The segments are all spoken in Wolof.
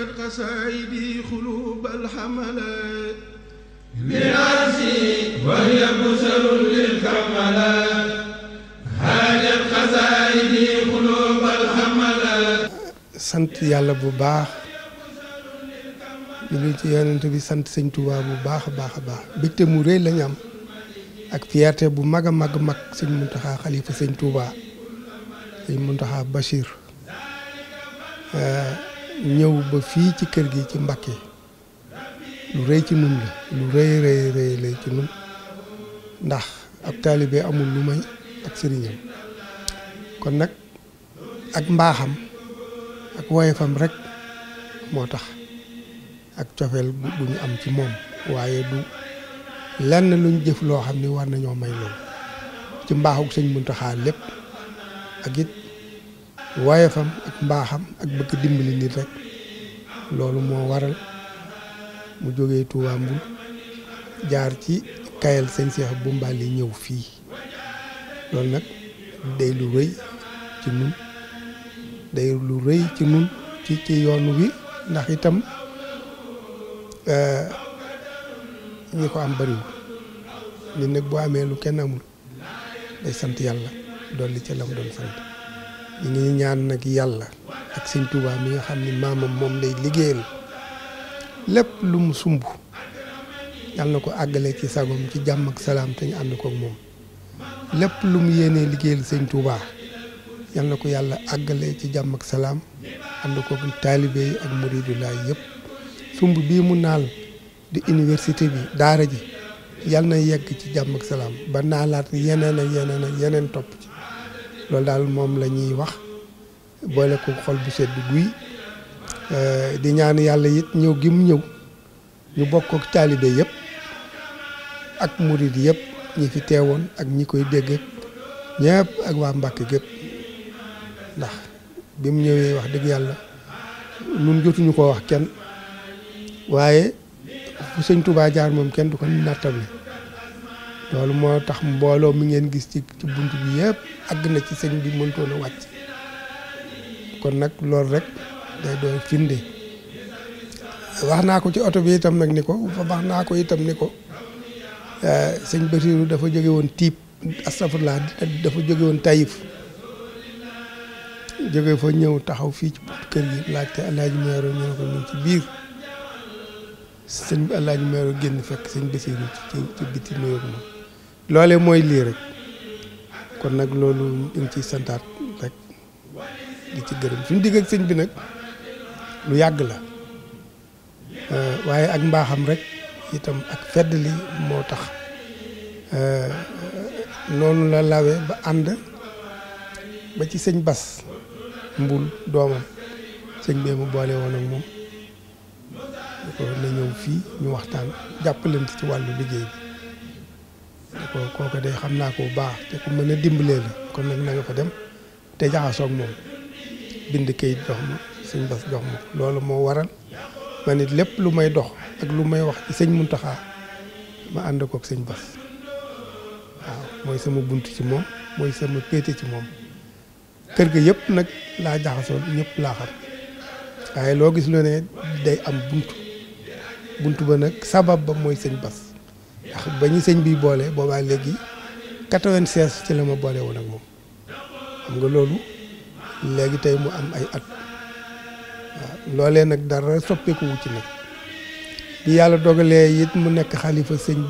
أرجت قصائدي قلوب الحملات لرأسي وهي بسر للكملات حاجت قصائدي قلوب الحملات sant yàlla bu baax julli ci yonent bi sant sëñ bu baax a baax a baax bégte mu rëy lañu am ak fierté bu mag a mag a mag sëñ Muntaxa xalifa sëñ Tuubaa sëñ Muntaxa Bachir ñëw ba fii ci kër gi ci Mbàkke lu rëy ci nun la lu rëy rëy rëy lay ci nun ndax ab taalibe amul lu may ak sëriñam kon nag ak mbaaxam ak woyefam rek moo tax ak cofeel bu ñu am ci moom waaye du lenn luñ jëf loo xam ni war nañoo may loolu ci mbaaxuk sëñ Muntaxa lépp ak it woyofam ak mbaaxam ak bëgg dimbali nit rek loolu moo waral mu jógee Touba Mboul jaar ci kayal bu Cheikh Boumbaali ñëw fii loolu nag day lu rëy ci nun day lu rëy ci nun ci ci yoon wi ndax itam eh, ñi ko am bariwul nit nag boo amee lu kenn amul day sant yàlla dolli ca lam doon sant ñu ngi ñaan nag yàlla ak sëñ Tuubaa mi nga xam ne maamam moom lay liggéeyal lépp lu mu sumb yàlla na ko àggale ci sagom ci jàmm ak salaam te ñu ànd ko moom lépp lu mu yéenee liggéeyal sëñ Tuubaa yàlla na ko yàlla àggale ci jàmm ak salaam ànd ko ak taalibe yi ak muridulaay yëpp sumb bii mu naal di université bi daara ji yàlla na yegg ci jàmm ak salaam ba naalaat yeneen ak yeneen topp loolu daal moom la ñuy wax boole ko xol bu sedd guy euh, di ñaan yàlla it ñëw gi ñëw ñu bokk ak taalibe yëpp ak murid yëpp ñi fi teewoon ak ñi koy dégg ñëpp ak waa Mbàkke gépp ndax bi mu ñëwee wax dëgg yàlla nun jotuñu ko wax kenn waaye fu sëñ Touba jaar moom kenn du ko nattam loolu moo tax mbooloo mi ngeen gis ci bunt bi yépp àgg na ci sëñ bi mëntoon a wàcc kon nag loolu rek day doon firnde wax naa ko ci oto bi itam nag ni ko wax naa ko itam ni ko eh, sëñ Basiiru dafa jóge woon tiib astafurlah dafa jóge woon tayif jóge fa ñëw taxaw fii ci buntu kër gi laajte alaaji meero ñu ko ñu ci biir sëñ bi alaaji meero génn fekk sëñ Basiiru ci biti nuyoo ko moom loole mooy lii rek kon nag loolu ñu ngi ciy santaat rek di ci gërëm suñu digg sëñ bi nag lu yàgg la euh, waaye ak mbaaxam rek itam ak fedd li moo tax euh, noonu la lawe ba ànd ba ci sëñ bas mbul doomam sëñ bee mu boole woon ak moom na ñëw fii ñu waxtaan jàppalante ci wàllu liggéey bi ko kooku de xam naa ko bu baax te ku mën a dimbalee la kon nag na nga ko dem te jaxasoog moom bind kayit jox ma sëñ bas jox ma loolu moo waral ma nit lépp lu may dox ak lu may wax ci sëñ Muntaxa ma ànd kook sëñ bas waaw mooy sama bunt ci moom mooy sama péete ci moom kër ga yëpp nag laa jaxasoo ñëpp laa xam waaye loo gis lu ne day am bunt bunt ba nag sabab ba mooy sëñ bas ndax ba ñu sëñ bi boole boobaa léegi 96 ci la ma boole woon ak moom xam nga loolu léegi tey mu am ay at waaw loolee nag dara soppeeku ci nag bi yàlla dogalee it mu nekk xalifa sëñ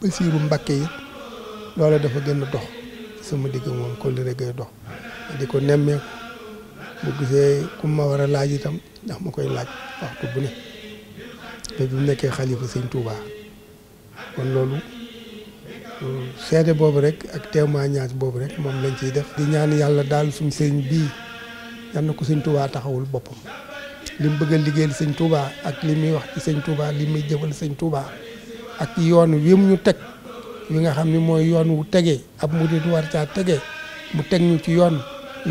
Basiiru Mbàkke it loola dafa gën a dox sama digg moom kóllëre gay dox di ko nemmeeku bu gisee ku ma war a laaj itam ndax ma koy laaj waxtu bu ne te mu nekkee xalifa sëñ Tuubaa kon loolu seede boobu rek ak témoignage boobu rek moom lañ ciy def. di ñaan yàlla daal suñ sëriñ bii yal na ko sëñ Touba taxawul boppam li mu bëgg a liggéeyal sëñ Touba ak li muy wax ci sëñ Touba li muy jëfal sëñ Touba ak yoon wi mu teg wi nga xam ni mooy yoon wu tegee ab murid war caa tegee mu teg ñu ci yoon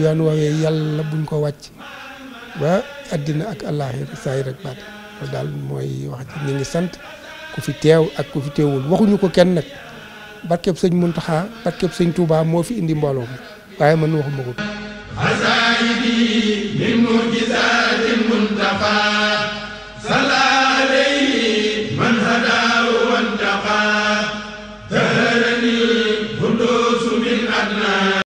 yoon woowee yàlla buñ ko wàcc ba àddina ak àllaaxira saay rek baat daal mooy wax ci ñu sant. ku fi teew ak ku fi teewul waxuñu ko kenn nag barkeb sëñ Muntaxa barkeb sëñ Touba moo fi indi mbooloo mi waaye man waxuma ko. mu min mujisaati Muntaxa